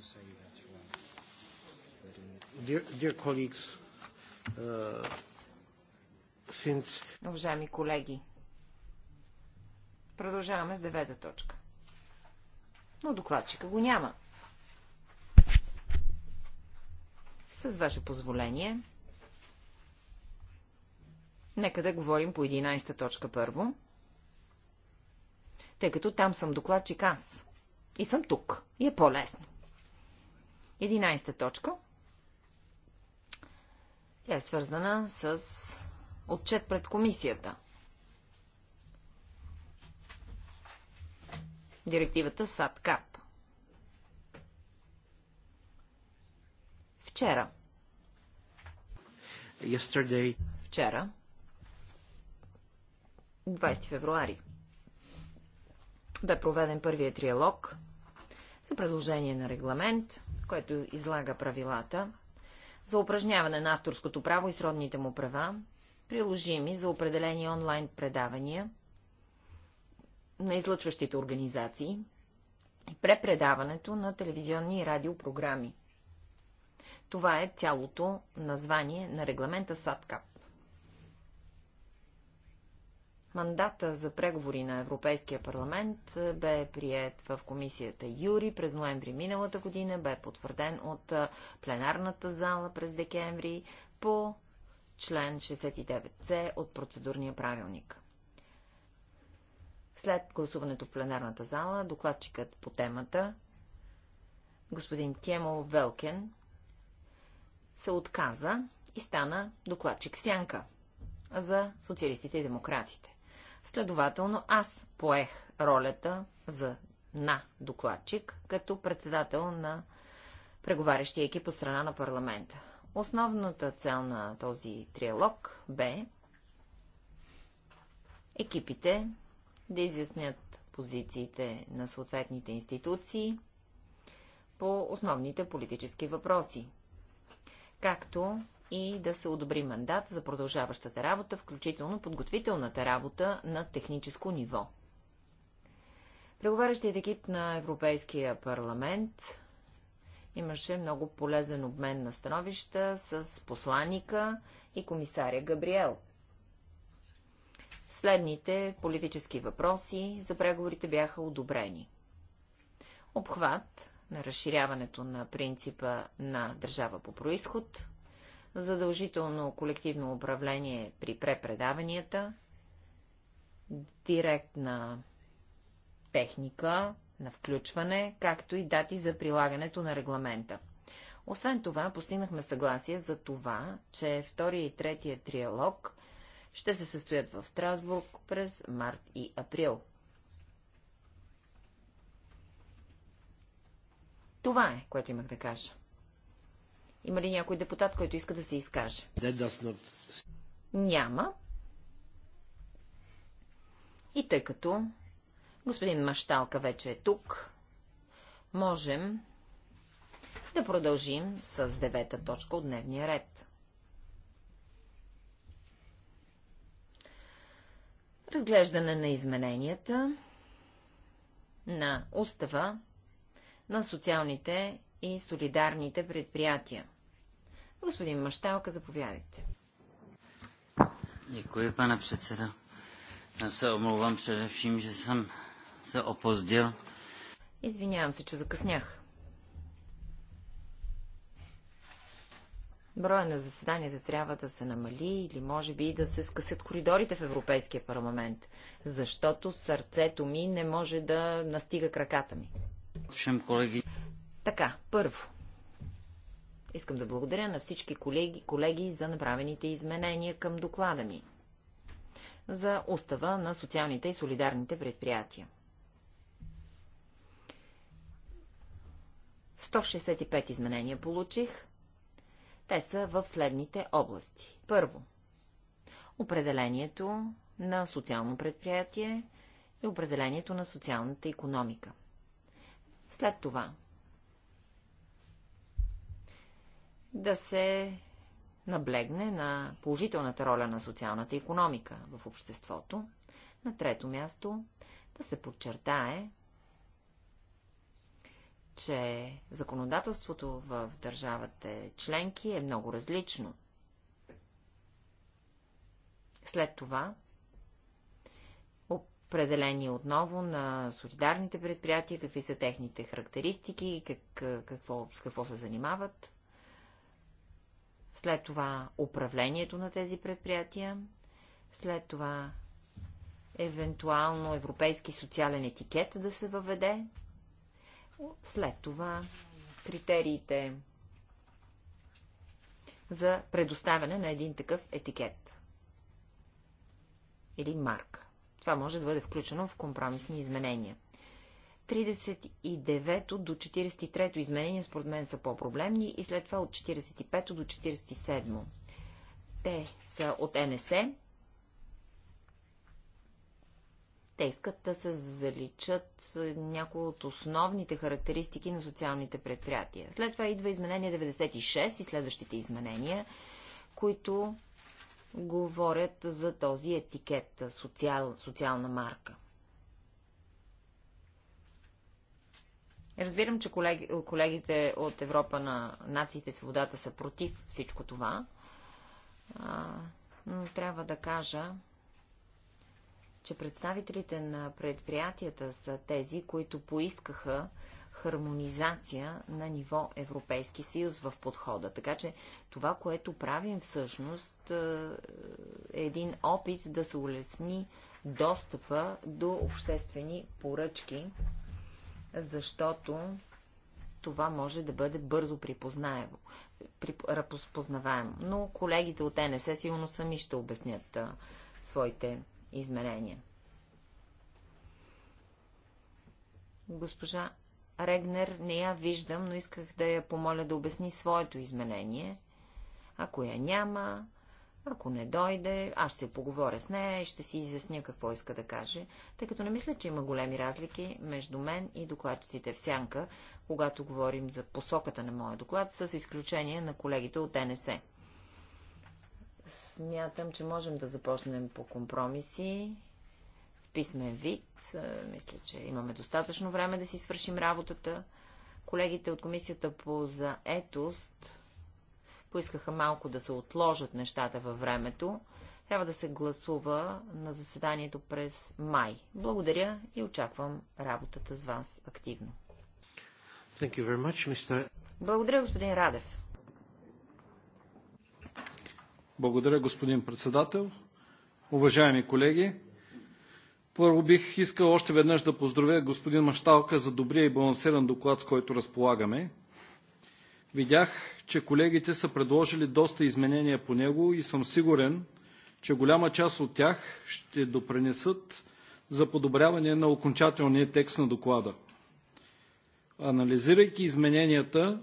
to say that uh, Dear, dear uh, since... Уважаеми колеги, продължаваме с девета точка. Но докладчика го няма. С ваше позволение, нека да говорим по 11 точка първо, тъй като там съм докладчик аз. И съм тук. И е по-лесно. Единайста точка. Тя е свързана с отчет пред комисията. Директивата САДКАП. Вчера. Yesterday. Вчера. 20 февруари. Бе проведен първият триалог за предложение на регламент което излага правилата за упражняване на авторското право и сродните му права, приложими за определени онлайн предавания на излъчващите организации и препредаването на телевизионни и радиопрограми. Това е цялото название на регламента САДКАП. Мандата за преговори на Европейския парламент е, бе прият в комисията Юри през ноември миналата година, бе потвърден от е, пленарната зала през декември по член 69c от процедурния правилник. След гласуването в пленарната зала, докладчикът по темата, господин Темо Велкен, се отказа и стана докладчик Сянка за социалистите и демократите. Следователно аз поех ролята за на докладчик, като председател на преговарящия екип от страна на парламента. Основната цел на този триалог бе екипите да изяснят позициите на съответните институции по основните политически въпроси, както и да се одобри мандат за продължаващата работа, включително подготвителната работа на техническо ниво. Преговарящият екип на Европейския парламент имаше много полезен обмен на становища с посланника и комисаря Габриел. Следните политически въпроси за преговорите бяха одобрени. Обхват на разширяването на принципа на държава по происход, задължително колективно управление при препредаванията, директна техника на включване, както и дати за прилагането на регламента. Освен това, постигнахме съгласие за това, че втория и третия триалог ще се състоят в Страсбург през март и април. Това е, което имах да кажа. Има ли някой депутат, който иска да се изкаже? Not... Няма. И тъй като господин Машталка вече е тук, можем да продължим с девета точка от дневния ред. Разглеждане на измененията на устава на социалните и солидарните предприятия. Господин Машталка, заповядайте. Děkuji, pane předseda. Já se omlouvám především, že jsem se opozdil. Извинявам се, че закъснях. Броя на заседанията трябва да се намали или може би и да се скъсят коридорите в Европейския парламент, защото сърцето ми не може да настига краката ми. Всем колеги, така, първо. Искам да благодаря на всички колеги, колеги за направените изменения към доклада ми за устава на социалните и солидарните предприятия. 165 изменения получих. Те са в следните области. Първо. Определението на социално предприятие и определението на социалната економика. След това да се наблегне на положителната роля на социалната економика в обществото. На трето място да се подчертае, че законодателството в държавата членки е много различно. След това определение отново на солидарните предприятия, какви са техните характеристики, как, какво, с какво се занимават след това управлението на тези предприятия, след това евентуално европейски социален етикет да се въведе, след това критериите за предоставяне на един такъв етикет или марка. Това може да бъде включено в компромисни изменения. 39-то до 43-то изменения според мен са по-проблемни и след това от 45-то до 47-то. Те са от НСЕ. Те искат да се заличат някои от основните характеристики на социалните предприятия. След това идва изменение 96 и следващите изменения, които говорят за този етикет социал, социална марка. Разбирам, че колеги, колегите от Европа на нациите свободата са против всичко това, а, но трябва да кажа, че представителите на предприятията са тези, които поискаха хармонизация на ниво Европейски съюз в подхода. Така че това, което правим всъщност е един опит да се улесни достъпа до обществени поръчки защото това може да бъде бързо припознаемо, разпознаваемо. Но колегите от НС сигурно сами ще обяснят а, своите измерения. Госпожа Регнер не я виждам, но исках да я помоля да обясни своето изменение. Ако я няма, ако не дойде, аз ще поговоря с нея и ще си изясня какво иска да каже, тъй като не мисля, че има големи разлики между мен и докладчиците в сянка, когато говорим за посоката на моя доклад, с изключение на колегите от НСЕ. Смятам, че можем да започнем по компромиси в писмен вид. Мисля, че имаме достатъчно време да си свършим работата. Колегите от комисията по заетост поискаха малко да се отложат нещата във времето. Трябва да се гласува на заседанието през май. Благодаря и очаквам работата с вас активно. Much, Благодаря, господин Радев. Благодаря, господин председател. Уважаеми колеги, първо бих искал още веднъж да поздравя господин Машталка за добрия и балансиран доклад, с който разполагаме. Видях, че колегите са предложили доста изменения по него и съм сигурен, че голяма част от тях ще допринесат за подобряване на окончателния текст на доклада. Анализирайки измененията,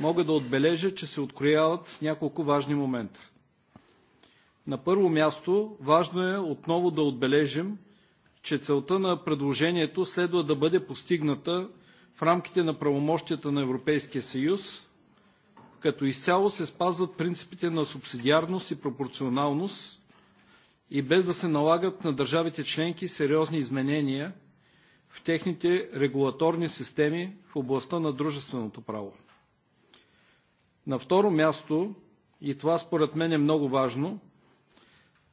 мога да отбележа, че се открояват няколко важни момента. На първо място, важно е отново да отбележим, че целта на предложението следва да бъде постигната в рамките на правомощията на Европейския съюз като изцяло се спазват принципите на субсидиарност и пропорционалност и без да се налагат на държавите членки сериозни изменения в техните регулаторни системи в областта на дружественото право. На второ място, и това според мен е много важно,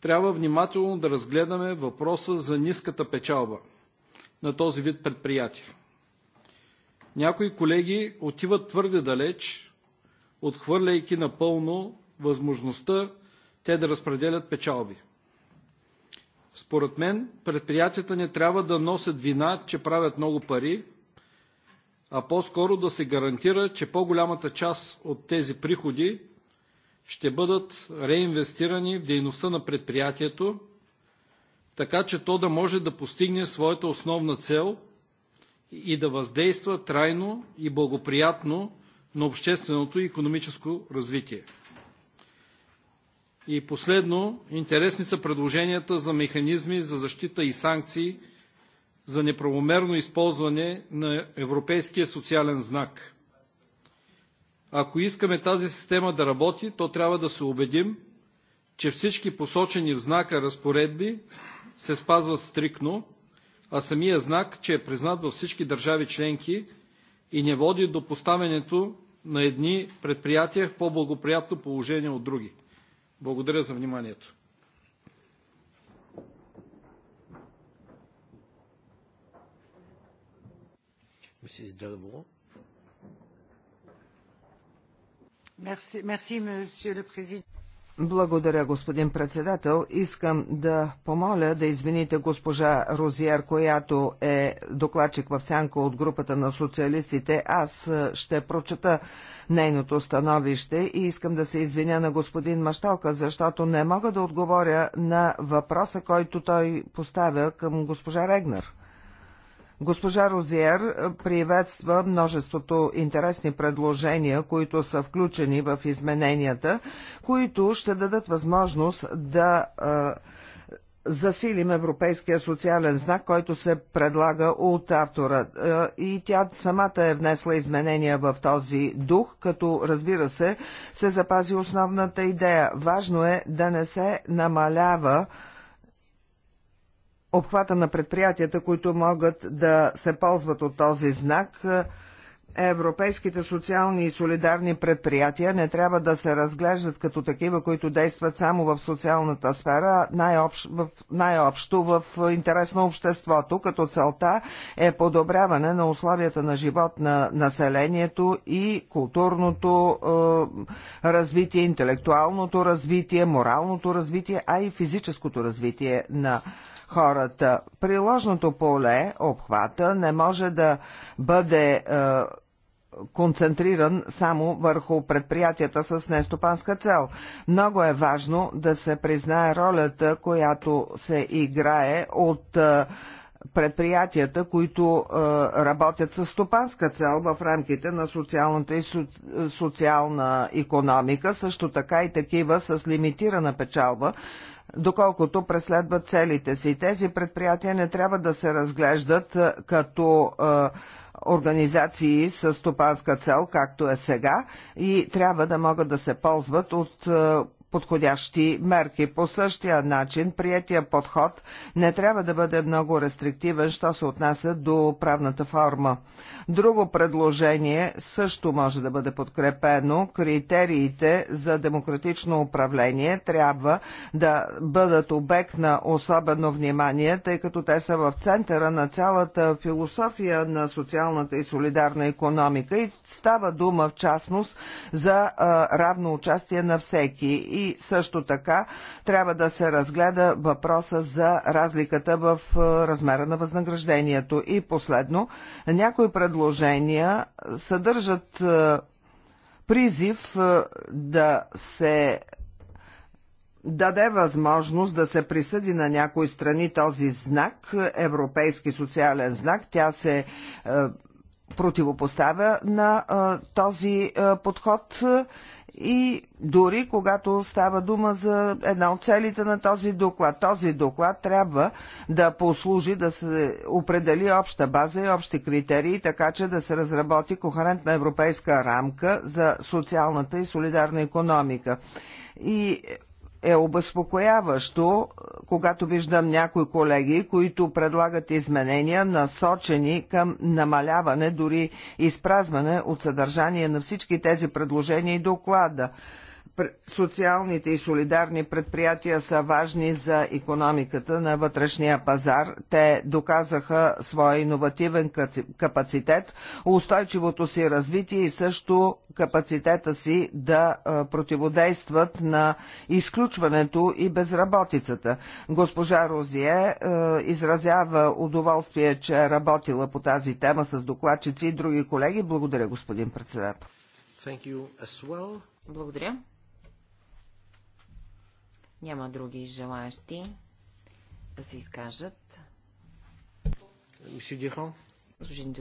трябва внимателно да разгледаме въпроса за ниската печалба на този вид предприятия. Някои колеги отиват твърде далеч отхвърляйки напълно възможността те да разпределят печалби. Според мен, предприятията не трябва да носят вина, че правят много пари, а по-скоро да се гарантира, че по-голямата част от тези приходи ще бъдат реинвестирани в дейността на предприятието, така че то да може да постигне своята основна цел и да въздейства трайно и благоприятно на общественото и економическо развитие. И последно, интересни са предложенията за механизми за защита и санкции за неправомерно използване на европейския социален знак. Ако искаме тази система да работи, то трябва да се убедим, че всички посочени в знака разпоредби се спазват стрикно, а самия знак, че е признат във всички държави членки – и не води до поставянето на едни предприятия в по-благоприятно положение от други. Благодаря за вниманието. Merci, monsieur le благодаря, господин председател. Искам да помоля да извините госпожа Розиер, която е докладчик в сянка от групата на социалистите. Аз е, ще прочета нейното становище и искам да се извиня на господин Машталка, защото не мога да отговоря на въпроса, който той поставя към госпожа Регнер. Госпожа Розиер приветства множеството интересни предложения, които са включени в измененията, които ще дадат възможност да засилим европейския социален знак, който се предлага от автора. И тя самата е внесла изменения в този дух, като разбира се, се запази основната идея. Важно е да не се намалява обхвата на предприятията, които могат да се ползват от този знак. Европейските социални и солидарни предприятия не трябва да се разглеждат като такива, които действат само в социалната сфера, най общо в, най-общо в интерес на обществото, като целта е подобряване на условията на живот на населението и културното е, развитие, интелектуалното развитие, моралното развитие, а и физическото развитие на хората. Приложното поле, обхвата, не може да бъде е, концентриран само върху предприятията с нестопанска цел. Много е важно да се признае ролята, която се играе от е, предприятията, които е, работят с стопанска цел в рамките на социалната и со, социална економика, също така и такива с лимитирана печалба, доколкото преследват целите си. Тези предприятия не трябва да се разглеждат като организации с стопанска цел, както е сега, и трябва да могат да се ползват от подходящи мерки. По същия начин, приятия подход не трябва да бъде много рестриктивен, що се отнася до правната форма. Друго предложение също може да бъде подкрепено. Критериите за демократично управление трябва да бъдат обект на особено внимание, тъй като те са в центъра на цялата философия на социалната и солидарна економика и става дума в частност за а, равно участие на всеки. И също така трябва да се разгледа въпроса за разликата в а, размера на възнаграждението. И последно, някои предложения предложения съдържат е, призив е, да се даде възможност да се присъди на някои страни този знак, европейски социален знак. Тя се е, противопоставя на този подход и дори когато става дума за една от целите на този доклад. Този доклад трябва да послужи да се определи обща база и общи критерии, така че да се разработи кохерентна европейска рамка за социалната и солидарна економика. И е обезпокояващо, когато виждам някои колеги, които предлагат изменения, насочени към намаляване, дори изпразване от съдържание на всички тези предложения и доклада социалните и солидарни предприятия са важни за економиката на вътрешния пазар. Те доказаха своя иновативен капацитет, устойчивото си развитие и също капацитета си да противодействат на изключването и безработицата. Госпожа Розие изразява удоволствие, че е работила по тази тема с докладчици и други колеги. Благодаря, господин председател. Well. Благодаря. Няма други желаящи да се изкажат. Господин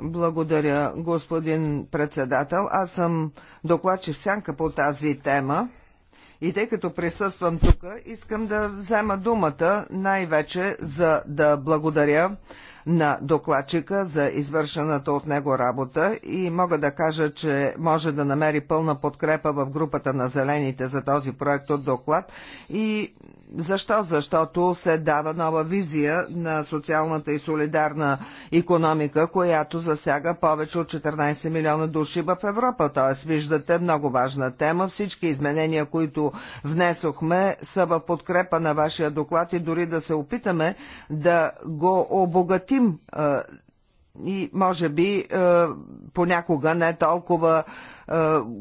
Благодаря, господин председател. Аз съм докладчив сянка по тази тема. И тъй като присъствам тук, искам да взема думата най-вече за да благодаря на докладчика за извършената от него работа и мога да кажа, че може да намери пълна подкрепа в групата на зелените за този проект от доклад и защо? Защото се дава нова визия на социалната и солидарна економика, която засяга повече от 14 милиона души в Европа. Т.е. виждате много важна тема. Всички изменения, които внесохме, са в подкрепа на вашия доклад и дори да се опитаме да го обогатим и може би понякога не толкова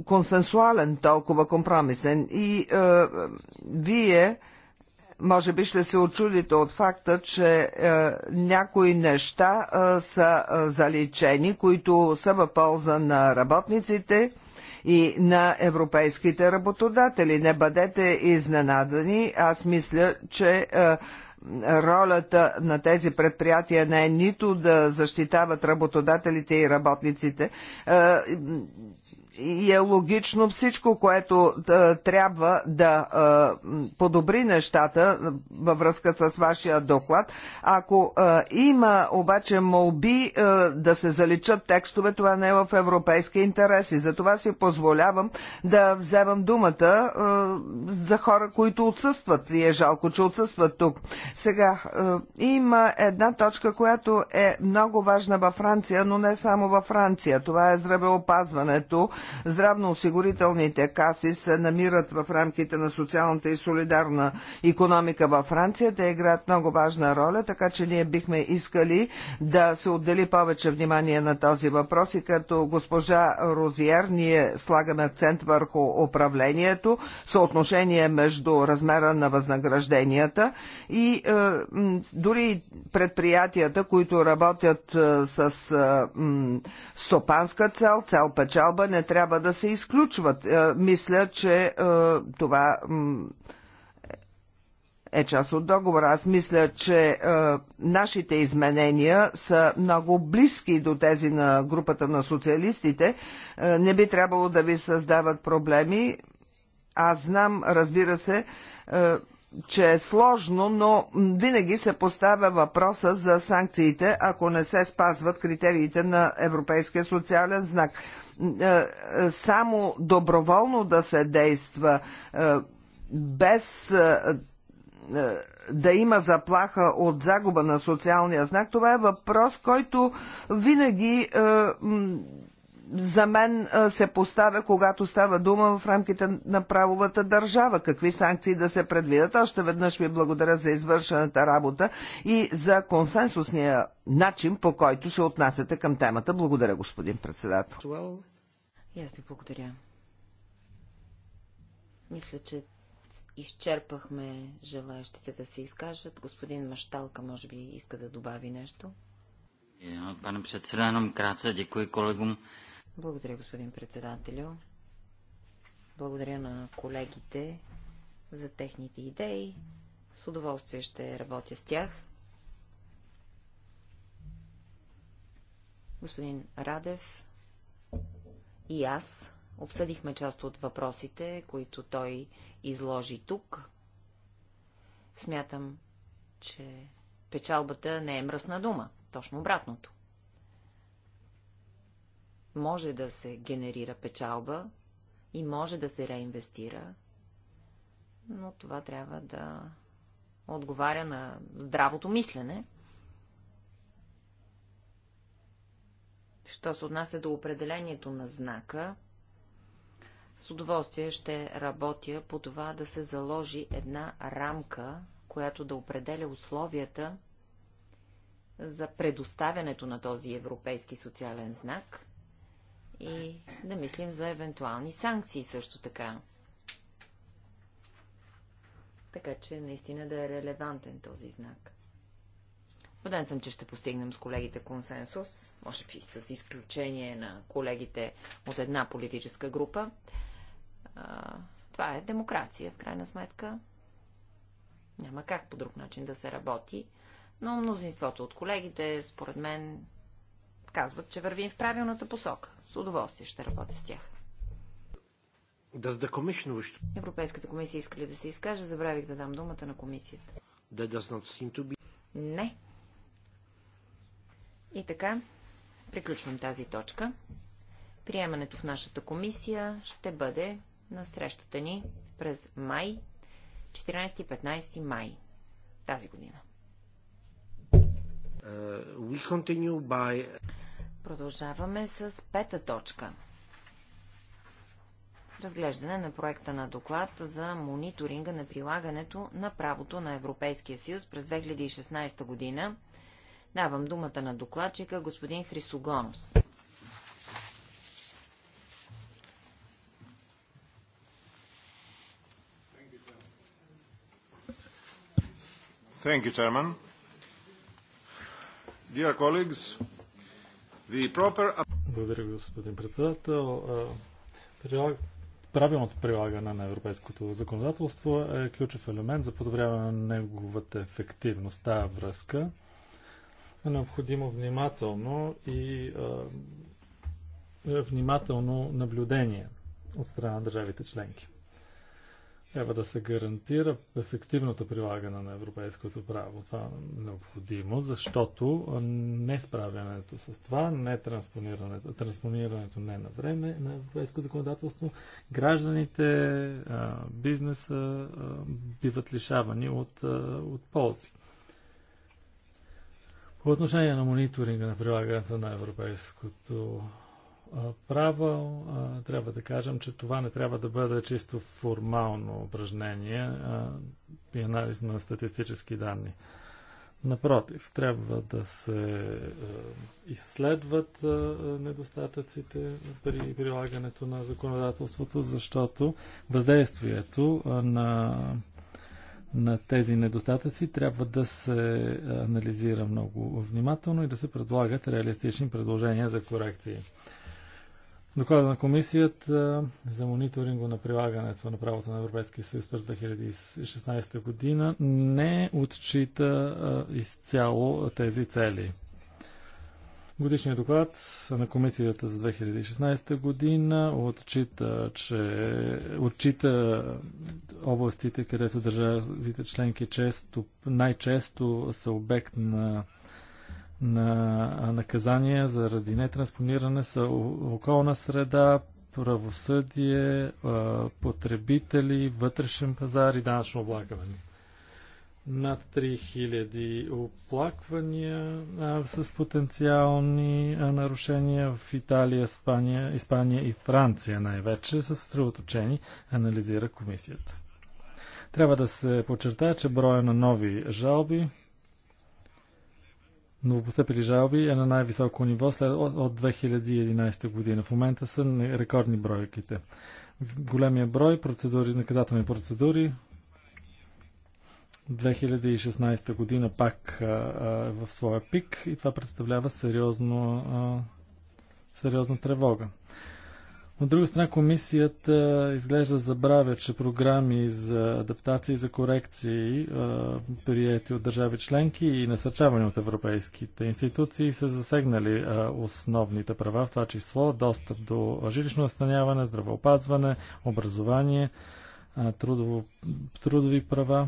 консенсуален, толкова компромисен. И вие може би ще се очудите от факта, че е, някои неща е, са е, заличени, които са в полза на работниците и на европейските работодатели. Не бъдете изненадани. Аз мисля, че е, ролята на тези предприятия не е нито да защитават работодателите и работниците. Е, и е логично всичко, което да, трябва да а, подобри нещата във връзка с вашия доклад. Ако а, има обаче молби а, да се заличат текстове, това не е в европейски интереси. Затова си позволявам да вземам думата а, за хора, които отсъстват. И е жалко, че отсъстват тук. Сега, а, има една точка, която е много важна във Франция, но не само във Франция. Това е здравеопазването здравноосигурителните каси се намират в рамките на социалната и солидарна економика във Франция. Те играят много важна роля, така че ние бихме искали да се отдели повече внимание на този въпрос и като госпожа Розиер ние слагаме акцент върху управлението, съотношение между размера на възнагражденията и е, дори предприятията, които работят е, с е, стопанска цел, цел печалба, не трябва да се изключват. Е, мисля, че е, това е част от договора. Аз мисля, че е, нашите изменения са много близки до тези на групата на социалистите. не би трябвало да ви създават проблеми. Аз знам, разбира се, че е сложно, но винаги се поставя въпроса за санкциите, ако не се спазват критериите на Европейския социален знак. Е, само доброволно да се действа е, без е, да има заплаха от загуба на социалния знак, това е въпрос, който винаги за мен се поставя, когато става дума в рамките на правовата държава. Какви санкции да се предвидят? Още веднъж ви благодаря за извършената работа и за консенсусния начин, по който се отнасяте към темата. Благодаря, господин председател. И аз ви благодаря. Мисля, че изчерпахме желаящите да се изкажат. Господин Машталка, може би, иска да добави нещо. Е, пане председател, кратце, дякую Благодаря, господин председателю. Благодаря на колегите за техните идеи. С удоволствие ще работя с тях. Господин Радев, и аз обсъдихме част от въпросите, които той изложи тук. Смятам, че печалбата не е мръсна дума, точно обратното. Може да се генерира печалба и може да се реинвестира, но това трябва да отговаря на здравото мислене – Що се отнася до определението на знака, с удоволствие ще работя по това да се заложи една рамка, която да определя условията за предоставянето на този европейски социален знак и да мислим за евентуални санкции също така. Така че наистина да е релевантен този знак. Убеден съм, че ще постигнем с колегите консенсус, може би с изключение на колегите от една политическа група. това е демокрация, в крайна сметка. Няма как по друг начин да се работи, но мнозинството от колегите, според мен, казват, че вървим в правилната посока. С удоволствие ще работя с тях. Европейската комисия иска ли да се изкаже? Забравих да дам думата на комисията. Be... Не, и така, приключвам тази точка. Приемането в нашата комисия ще бъде на срещата ни през май, 14-15 май тази година. Uh, by... Продължаваме с пета точка. Разглеждане на проекта на доклад за мониторинга на прилагането на правото на Европейския съюз през 2016 година Давам думата на докладчика господин Хрисогонос. Thank you, Chairman. Dear colleagues, the proper... Благодаря, господин председател. Правилното прилагане на европейското законодателство е ключов елемент за подобряване на неговата ефективност. Тая връзка е необходимо внимателно и а, е внимателно наблюдение от страна на държавите членки. Трябва да се гарантира ефективното прилагане на европейското право. Това е необходимо, защото не справянето с това, не транспонирането, транспонирането не на време на европейско законодателство, гражданите, бизнеса биват лишавани от, от ползи. По отношение на мониторинга на прилагането на европейското право, трябва да кажем, че това не трябва да бъде чисто формално упражнение и анализ на статистически данни. Напротив, трябва да се изследват недостатъците при прилагането на законодателството, защото въздействието на на тези недостатъци трябва да се анализира много внимателно и да се предлагат реалистични предложения за корекции. Доклада на комисията за мониторинго на прилагането на правото на Европейския съюз през 2016 година не отчита изцяло тези цели. Годишният доклад на комисията за 2016 година отчита, че отчита областите, където държавите членки често, най-често са обект на на наказания заради нетранспониране са околна среда, правосъдие, потребители, вътрешен пазар и данъчно облагане над 3000 оплаквания а, с потенциални а, нарушения в Италия, Испания, Испания и Франция най-вече са съсредоточени, анализира комисията. Трябва да се подчертая, че броя на нови жалби, новопостъпили жалби е на най-високо ниво след, от, от 2011 година. В момента са рекордни бройките. Големия брой процедури, наказателни процедури 2016 година пак а, е в своя пик и това представлява сериозно, а, сериозна тревога. От друга страна, комисията изглежда забравя, че програми за адаптации и за корекции, приети от държави членки и насърчавани от европейските институции, са засегнали основните права, в това число достъп до жилищно настаняване, здравеопазване, образование, трудово, трудови права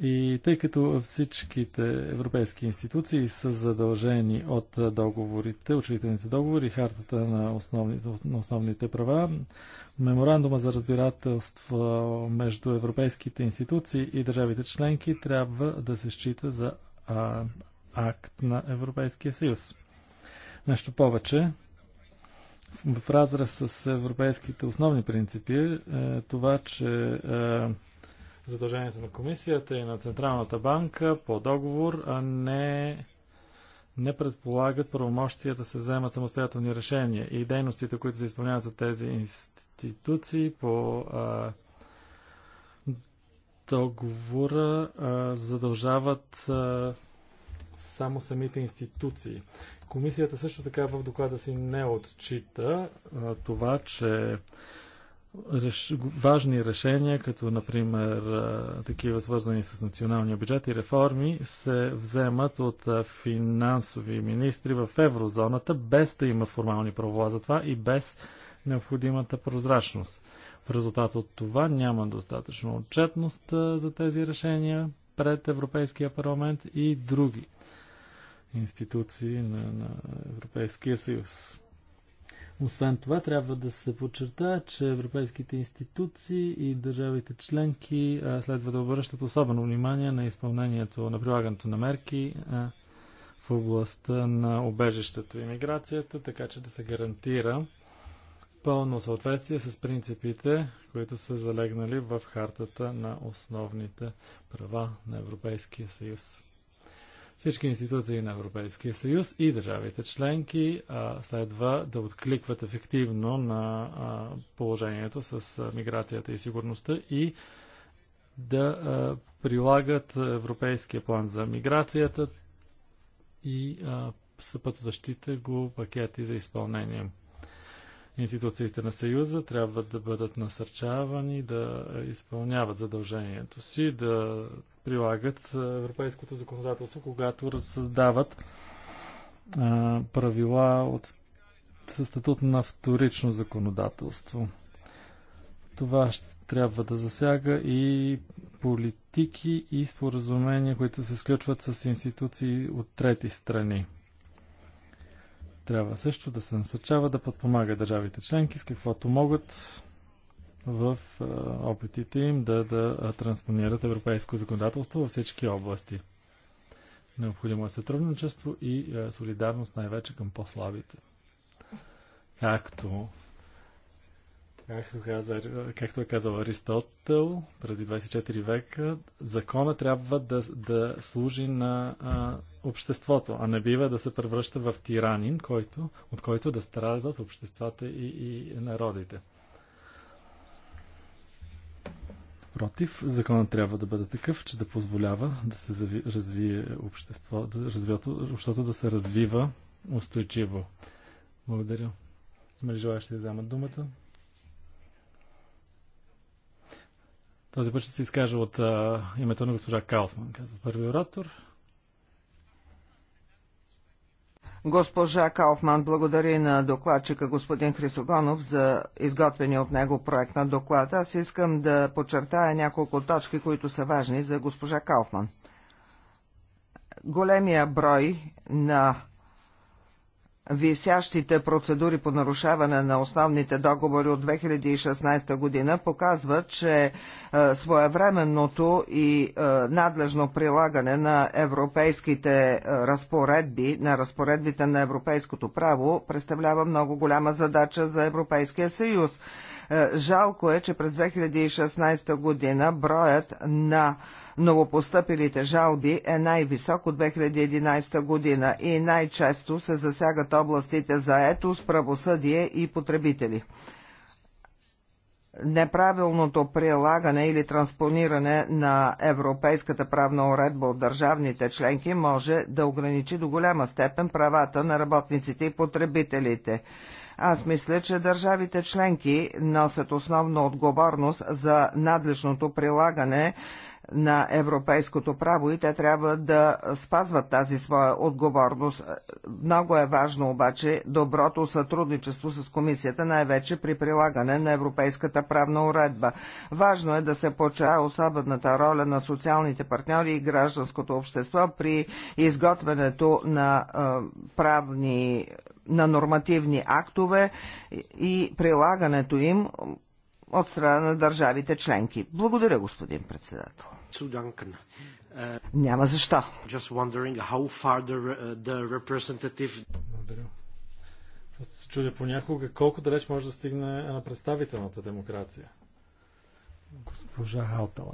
и тъй като всичките европейски институции са задължени от договорите, учредителните договори, хартата на, основни, на основните права, меморандума за разбирателство между европейските институции и държавите членки трябва да се счита за а, акт на Европейския съюз. Нещо повече, в, в разраз с европейските основни принципи е това, че е, задължението на комисията и на Централната банка по договор а не, не предполагат правомощия да се вземат самостоятелни решения и дейностите, които се изпълняват от тези институции по а, договора а, задължават а, само самите институции. Комисията също така в доклада си не отчита а, това, че реш... важни решения, като например такива свързани с националния бюджет и реформи, се вземат от финансови министри в еврозоната, без да има формални правила за това и без необходимата прозрачност. В резултат от това няма достатъчно отчетност за тези решения пред Европейския парламент и други институции на, на Европейския съюз. Освен това, трябва да се подчерта, че европейските институции и държавите членки следва да обръщат особено внимание на изпълнението, на прилагането на мерки в областта на обежището и миграцията, така че да се гарантира пълно съответствие с принципите, които са залегнали в хартата на основните права на Европейския съюз. Всички институции на Европейския съюз и държавите членки а, следва да откликват ефективно на а, положението с а, миграцията и сигурността и да а, прилагат Европейския план за миграцията и а, съпътстващите го пакети за изпълнение институциите на Съюза трябва да бъдат насърчавани да изпълняват задължението си, да прилагат европейското законодателство, когато създават правила от, със статут на вторично законодателство. Това ще трябва да засяга и политики и споразумения, които се сключват с институции от трети страни. Трябва също да се насърчава да подпомага държавите членки с каквото могат в опитите им да, да транспонират европейско законодателство във всички области. Необходимо е сътрудничество и солидарност най-вече към по-слабите. Както Както, каза, както е казал Аристотел преди 24 века, закона трябва да, да служи на а, обществото, а не бива да се превръща в тиранин, който, от който да страдат обществата и, и народите. Против, законът трябва да бъде такъв, че да позволява да се зави, развие общество, да, развието, обществото да се развива устойчиво. Благодаря. Има ли желаящи да вземат думата? Този път ще се изкажа от а, името на госпожа Кауфман, казва първи оратор. Госпожа Кауфман благодари на докладчика господин Хрисогонов за изготвения от него проект на доклад. Аз искам да подчертая няколко точки, които са важни за госпожа Кауфман. Големия брой на висящите процедури по нарушаване на основните договори от 2016 година показват, че е, своевременното и е, надлежно прилагане на европейските е, разпоредби, на разпоредбите на европейското право, представлява много голяма задача за Европейския съюз. Е, жалко е, че през 2016 година броят на новопостъпилите жалби е най-висок от 2011 година и най-често се засягат областите за етос, правосъдие и потребители неправилното прилагане или транспониране на европейската правна уредба от държавните членки може да ограничи до голяма степен правата на работниците и потребителите. Аз мисля, че държавите членки носят основна отговорност за надлежното прилагане на европейското право и те трябва да спазват тази своя отговорност. Много е важно обаче доброто сътрудничество с комисията, най-вече при прилагане на европейската правна уредба. Важно е да се почая особената роля на социалните партньори и гражданското общество при изготвянето на е, правни на нормативни актове и прилагането им от страна на държавите членки. Благодаря, господин председател. Е, няма защо. Аз се чудя понякога колко далеч може да стигне представителната демокрация. Госпожа Халтала.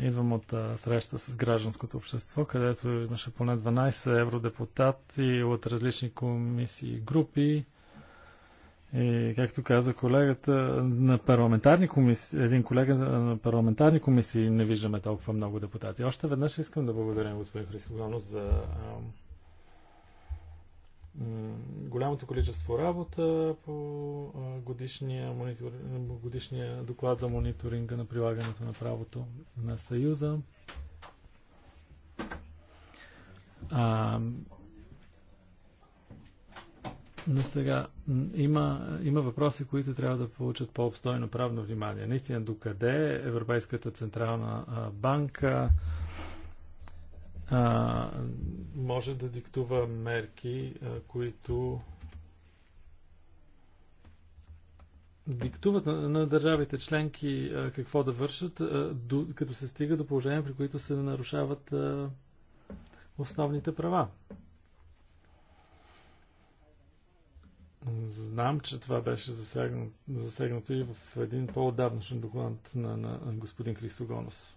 Идвам от а, среща с гражданското общество, където имаше поне 12 евродепутати от различни комисии и групи. И, както каза колегата, на парламентарни комисии, един колега на парламентарни комисии не виждаме толкова много депутати. Още веднъж искам да благодаря господин Христогонов за голямото количество работа по годишния, монитор... годишния доклад за мониторинга на прилагането на правото на Съюза. А, но сега има, има въпроси, които трябва да получат по-обстойно правно внимание. Наистина, докъде Европейската централна банка а, може да диктува мерки, а, които диктуват на, на държавите членки а, какво да вършат, а, до, като се стига до положение, при които се нарушават а, основните права. Знам, че това беше засегнато, засегнато и в един по-отдавнашен доклад на, на господин Христогонос.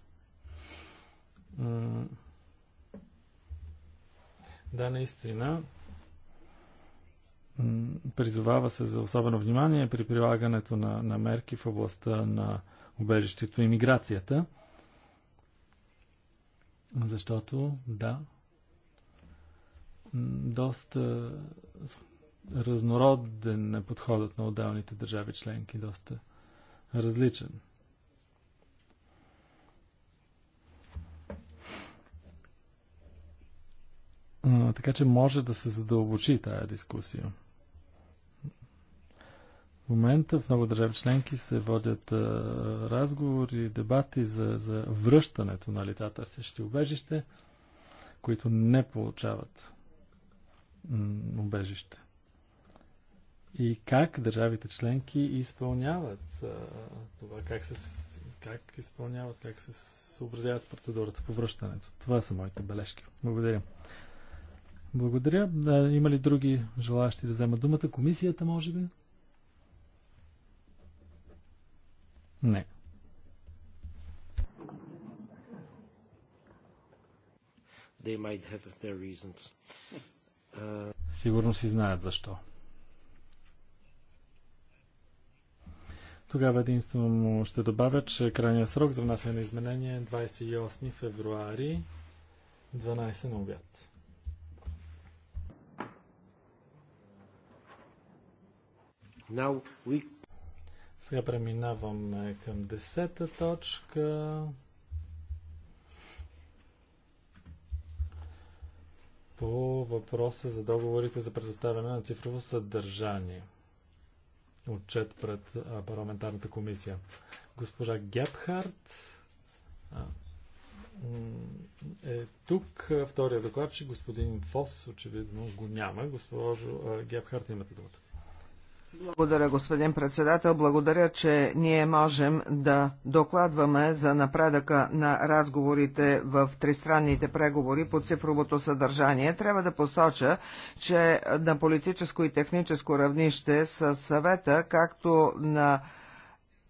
Гонос. Да, наистина. Призовава се за особено внимание при прилагането на, на мерки в областта на убежището и миграцията. Защото, да, доста разнороден е подходът на отделните държави членки, доста различен. Така че може да се задълбочи тая дискусия. В момента в много държави членки се водят а, разговори, дебати за, за връщането на лица търсещи убежище, които не получават убежище. И как държавите членки изпълняват а, това, как, се, как изпълняват, как се съобразяват с процедурата по връщането. Това са моите бележки. Благодаря. Благодаря. Има ли други желащи да вземат думата? Комисията, може би? Не. They might have their reasons. Uh... Сигурно си знаят защо. Тогава единствено ще добавя, че крайният срок за внасяне на изменение е 28 февруари 12 на обяд. We... Сега преминаваме към десета точка. По въпроса за договорите за предоставяне на цифрово съдържание. Отчет пред парламентарната комисия. Госпожа Гепхарт е тук. Втория докладчик, господин Фос, очевидно го няма. Госпожо Гепхарт, имате думата. Благодаря, господин председател. Благодаря, че ние можем да докладваме за напредъка на разговорите в тристранните преговори по цифровото съдържание. Трябва да посоча, че на политическо и техническо равнище с съвета, както на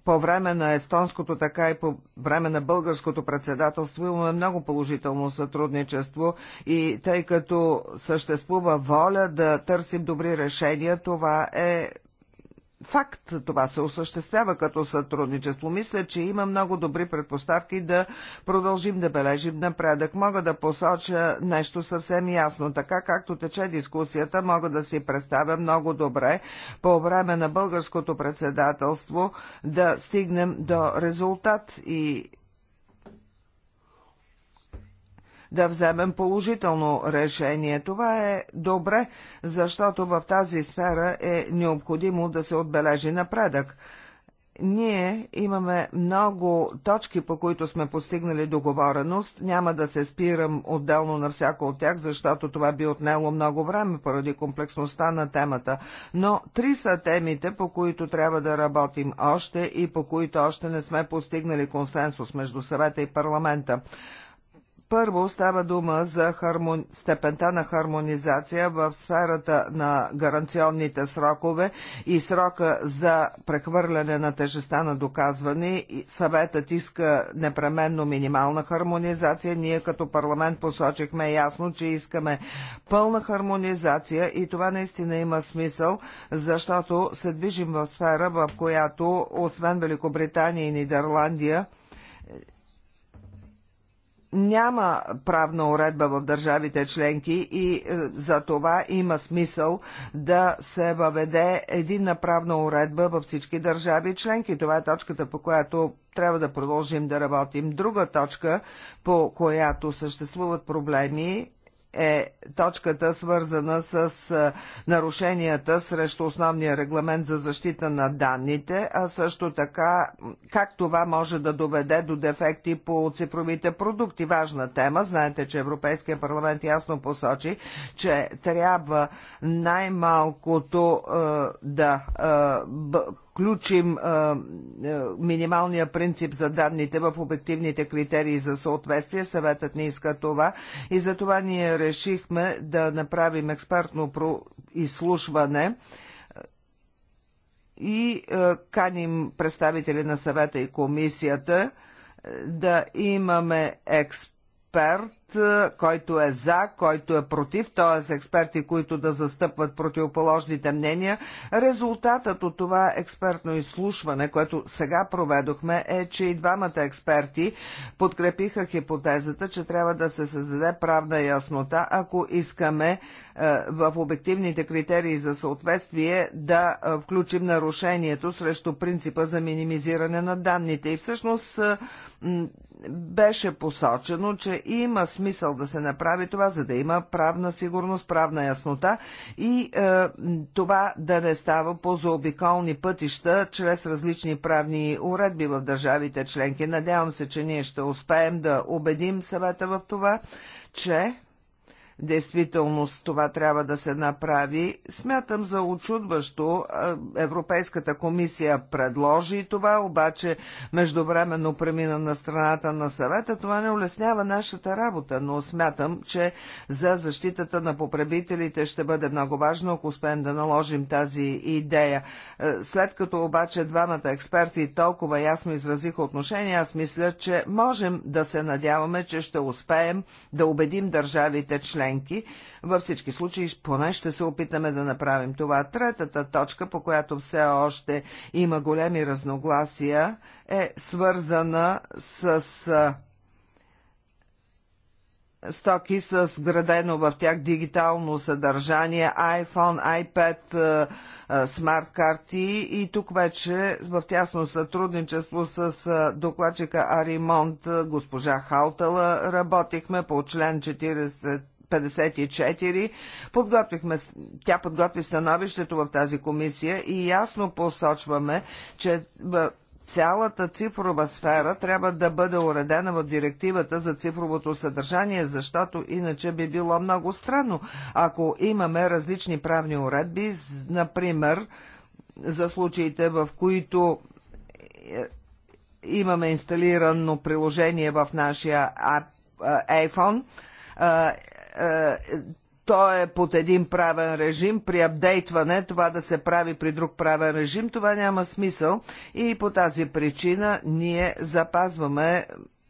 по време на естонското, така и по време на българското председателство имаме много положително сътрудничество и тъй като съществува воля да търсим добри решения, това е факт това се осъществява като сътрудничество. Мисля, че има много добри предпоставки да продължим да бележим напредък. Мога да посоча нещо съвсем ясно. Така както тече дискусията, мога да си представя много добре по време на българското председателство да стигнем до резултат и да вземем положително решение. Това е добре, защото в тази сфера е необходимо да се отбележи напредък. Ние имаме много точки, по които сме постигнали договореност. Няма да се спирам отделно на всяко от тях, защото това би отнело много време поради комплексността на темата. Но три са темите, по които трябва да работим още и по които още не сме постигнали консенсус между съвета и парламента. Първо става дума за хармон... степента на хармонизация в сферата на гаранционните срокове и срока за прехвърляне на тежеста на доказване. Съветът иска непременно минимална хармонизация. Ние като парламент посочихме ясно, че искаме пълна хармонизация и това наистина има смисъл, защото се движим в сфера, в която освен Великобритания и Нидерландия, няма правна уредба в държавите членки и е, за това има смисъл да се въведе единна правна уредба във всички държави членки. Това е точката, по която трябва да продължим да работим. Друга точка, по която съществуват проблеми, е точката свързана с е, нарушенията срещу основния регламент за защита на данните, а също така как това може да доведе до дефекти по цифровите продукти. Важна тема. Знаете, че Европейския парламент ясно посочи, че трябва най-малкото е, да е, включим минималния принцип за данните в обективните критерии за съответствие. Съветът не иска това и затова ние решихме да направим експертно изслушване и каним представители на съвета и комисията да имаме експерт експерт, е, който е за, който е против, т.е. експерти, които да застъпват противоположните мнения. Резултатът от това експертно изслушване, което сега проведохме, е, че и двамата експерти подкрепиха хипотезата, че трябва да се създаде правна яснота, ако искаме е, в обективните критерии за съответствие да е, включим нарушението срещу принципа за минимизиране на данните. И всъщност беше посочено, че има смисъл да се направи това, за да има правна сигурност, правна яснота и е, това да не става по заобиколни пътища, чрез различни правни уредби в държавите членки. Надявам се, че ние ще успеем да убедим съвета в това, че действителност това трябва да се направи. Смятам за очудващо. Европейската комисия предложи това, обаче междувременно премина на страната на съвета. Това не улеснява нашата работа, но смятам, че за защитата на попребителите ще бъде много важно, ако успеем да наложим тази идея. След като обаче двамата експерти толкова ясно изразиха отношение, аз мисля, че можем да се надяваме, че ще успеем да убедим държавите член членки. Във всички случаи поне ще се опитаме да направим това. Третата точка, по която все още има големи разногласия, е свързана с стоки с градено в тях дигитално съдържание, iPhone, iPad, смарт карти и тук вече в тясно сътрудничество с докладчика Аримонт госпожа Хаутала работихме по член 40 54. Подготвихме, тя подготви становището в тази комисия и ясно посочваме, че Цялата цифрова сфера трябва да бъде уредена в директивата за цифровото съдържание, защото иначе би било много странно, ако имаме различни правни уредби, например за случаите, в които е, имаме инсталирано приложение в нашия е, iPhone, е, е, то е под един правен режим, при апдейтване това да се прави при друг правен режим, това няма смисъл и по тази причина ние запазваме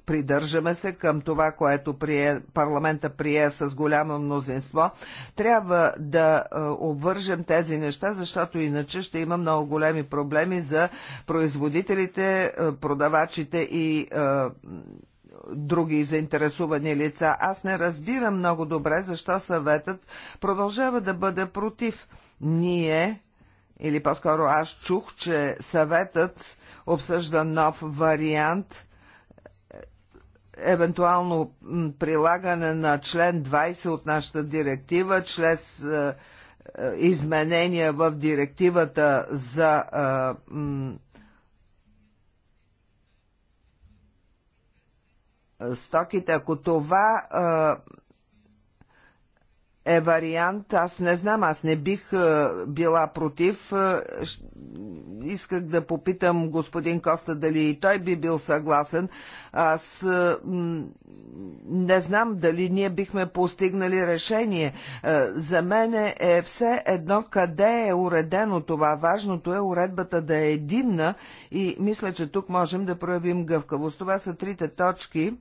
придържаме се към това, което прие, парламента прие с голямо мнозинство. Трябва да е, обвържем тези неща, защото иначе ще има много големи проблеми за производителите, е, продавачите и други заинтересувани лица. Аз не разбирам много добре защо съветът продължава да бъде против. Ние, или по-скоро аз чух, че съветът обсъжда нов вариант евентуално прилагане на член 20 от нашата директива, чрез е, е, изменения в директивата за е, стоките, ако това е вариант, аз не знам, аз не бих била против. Исках да попитам господин Коста дали и той би бил съгласен. Аз не знам дали ние бихме постигнали решение. За мен е все едно къде е уредено това. Важното е уредбата да е единна и мисля, че тук можем да проявим гъвкавост. Това са трите точки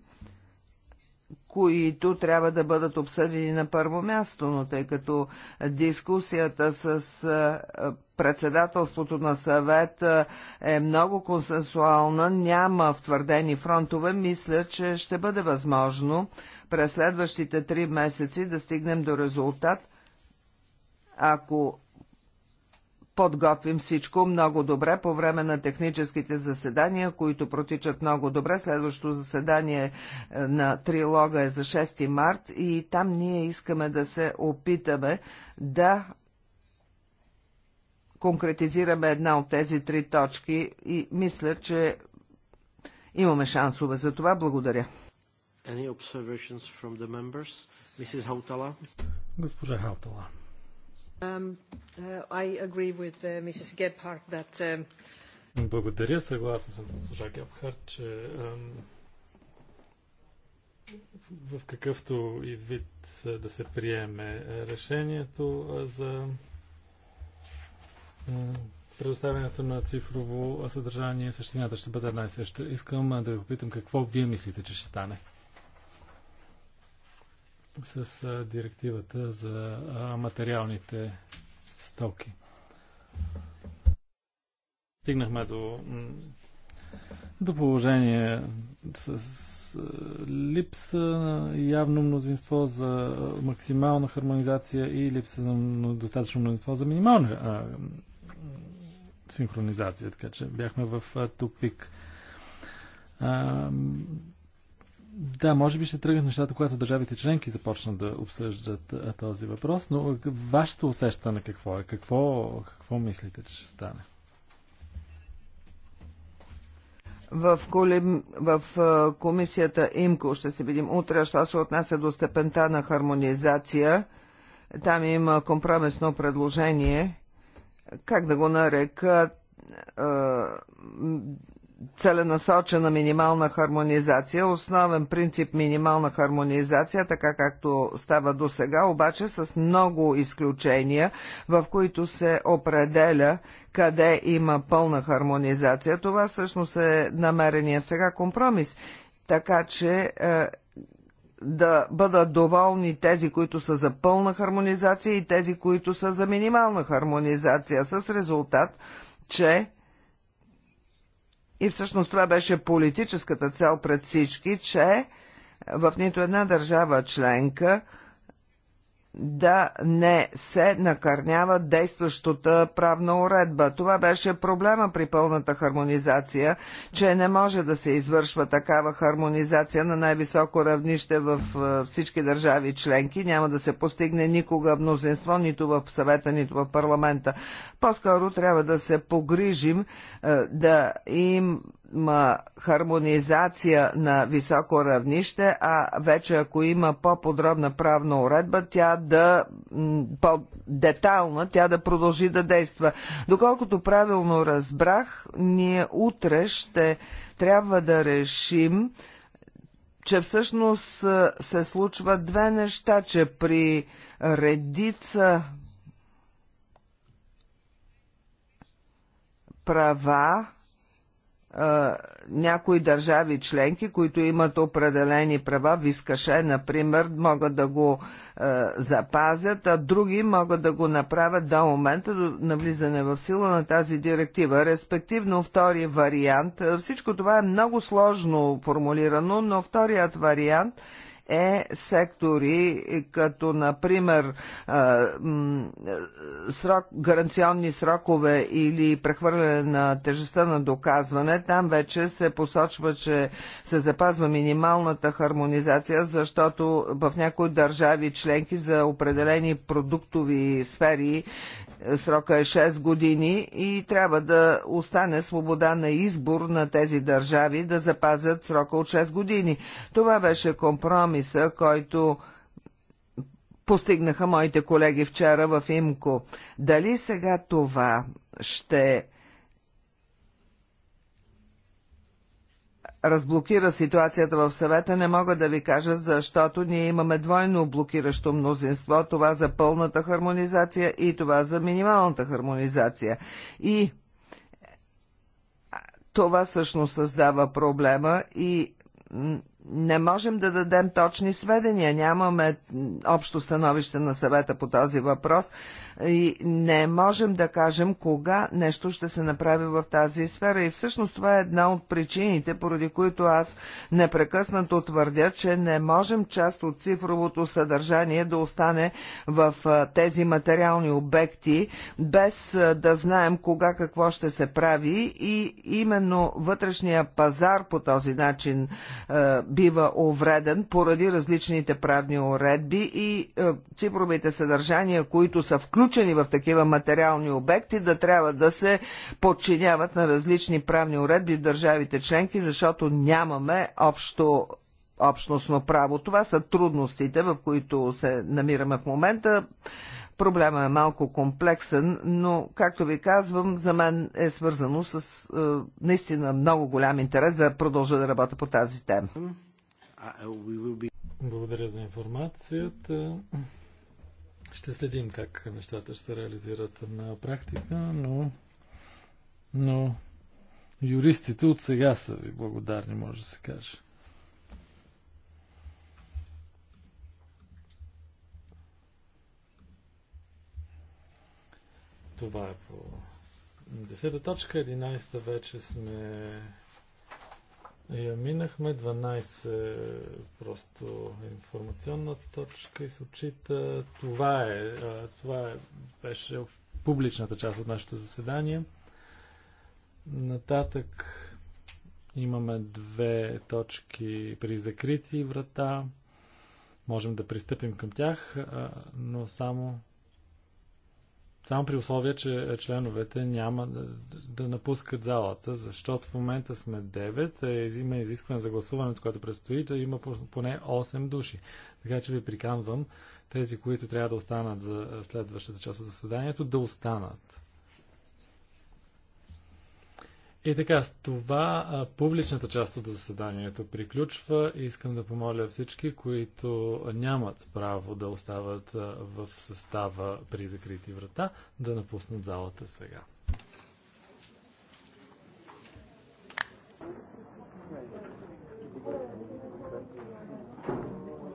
които трябва да бъдат обсъдени на първо място, но тъй като дискусията с председателството на съвет е много консенсуална, няма втвърдени фронтове, мисля, че ще бъде възможно през следващите три месеци да стигнем до резултат, ако подготвим всичко много добре по време на техническите заседания, които протичат много добре. Следващото заседание е, на трилога е за 6 март и там ние искаме да се опитаме да конкретизираме една от тези три точки и мисля, че имаме шансове за това. Благодаря. Any observations from the members? Mrs. Hautala? Госпожа Хаутала. Um, uh, uh, um, Благодаря, съгласен съм госпожа Гебхарт, че в какъвто и вид да се приеме решението за предоставянето на цифрово съдържание, същината ще бъде една и съща. Искам да ви попитам какво вие мислите, че ще стане с директивата за материалните стоки. Стигнахме до, до положение с липса на явно мнозинство за максимална хармонизация и липса на достатъчно мнозинство за минимална а, синхронизация. Така че бяхме в тупик. А, да, може би ще тръгнат нещата, когато държавите членки започнат да обсъждат този въпрос, но вашето усещане какво е? Какво, какво мислите, че ще стане? В, колим, в комисията ИМКО ще се видим утре, що се отнася до степента на хармонизация. Там има компромисно предложение, как да го нарека, целенасочена минимална хармонизация, основен принцип минимална хармонизация, така както става до сега, обаче с много изключения, в които се определя къде има пълна хармонизация. Това всъщност е намерения сега компромис. Така че е, да бъдат доволни тези, които са за пълна хармонизация и тези, които са за минимална хармонизация, с резултат, че и всъщност това беше политическата цел пред всички, че в нито една държава членка – да не се накърнява действащата правна уредба. Това беше проблема при пълната хармонизация, че не може да се извършва такава хармонизация на най-високо равнище в е, всички държави членки. Няма да се постигне никога мнозинство, нито в съвета, нито в парламента. По-скоро трябва да се погрижим е, да им има хармонизация на високо равнище, а вече ако има по-подробна правна уредба, тя да по-детална, тя да продължи да действа. Доколкото правилно разбрах, ние утре ще трябва да решим, че всъщност се случват две неща, че при редица права някои държави членки, които имат определени права, вискаше, например, могат да го е, запазят, а други могат да го направят до момента до навлизане в сила на тази директива. Респективно втори вариант. Всичко това е много сложно формулирано, но вторият вариант – е сектори, като например срок, гаранционни срокове или прехвърляне на тежестта на доказване, там вече се посочва, че се запазва минималната хармонизация, защото в някои държави членки за определени продуктови сфери срока е 6 години и трябва да остане свобода на избор на тези държави да запазят срока от 6 години. Това беше компромиса, който постигнаха моите колеги вчера в ИМКО. Дали сега това ще разблокира ситуацията в съвета, не мога да ви кажа, защото ние имаме двойно блокиращо мнозинство, това за пълната хармонизация и това за минималната хармонизация. И това всъщност създава проблема и не можем да дадем точни сведения, нямаме общо становище на съвета по този въпрос, и не можем да кажем кога нещо ще се направи в тази сфера. И всъщност това е една от причините, поради които аз непрекъснато твърдя, че не можем част от цифровото съдържание да остане в тези материални обекти, без да знаем кога какво ще се прави и именно вътрешния пазар по този начин е, бива увреден поради различните правни уредби и е, цифровите съдържания, които са включени включени в такива материални обекти, да трябва да се подчиняват на различни правни уредби в държавите членки, защото нямаме общо общностно право. Това са трудностите, в които се намираме в момента. Проблема е малко комплексен, но, както ви казвам, за мен е свързано с е, наистина много голям интерес да продължа да работя по тази тема. Благодаря за информацията. Ще следим как нещата ще се реализират на практика, но, но юристите от сега са ви благодарни, може да се каже. Това е по 10 точка, 11 вече сме я минахме 12 е, просто информационна точка и се отчита. Това е, това е, беше публичната част от нашето заседание. Нататък имаме две точки при закрити врата. Можем да пристъпим към тях, но само само при условие, че членовете няма да, да напускат залата, защото в момента сме 9, е, има изискване за гласуването, което предстои, да има поне 8 души. Така че ви приканвам тези, които трябва да останат за следващата част от заседанието, да останат. И така, с това а, публичната част от заседанието приключва. Искам да помоля всички, които нямат право да остават а, в състава при закрити врата, да напуснат залата сега.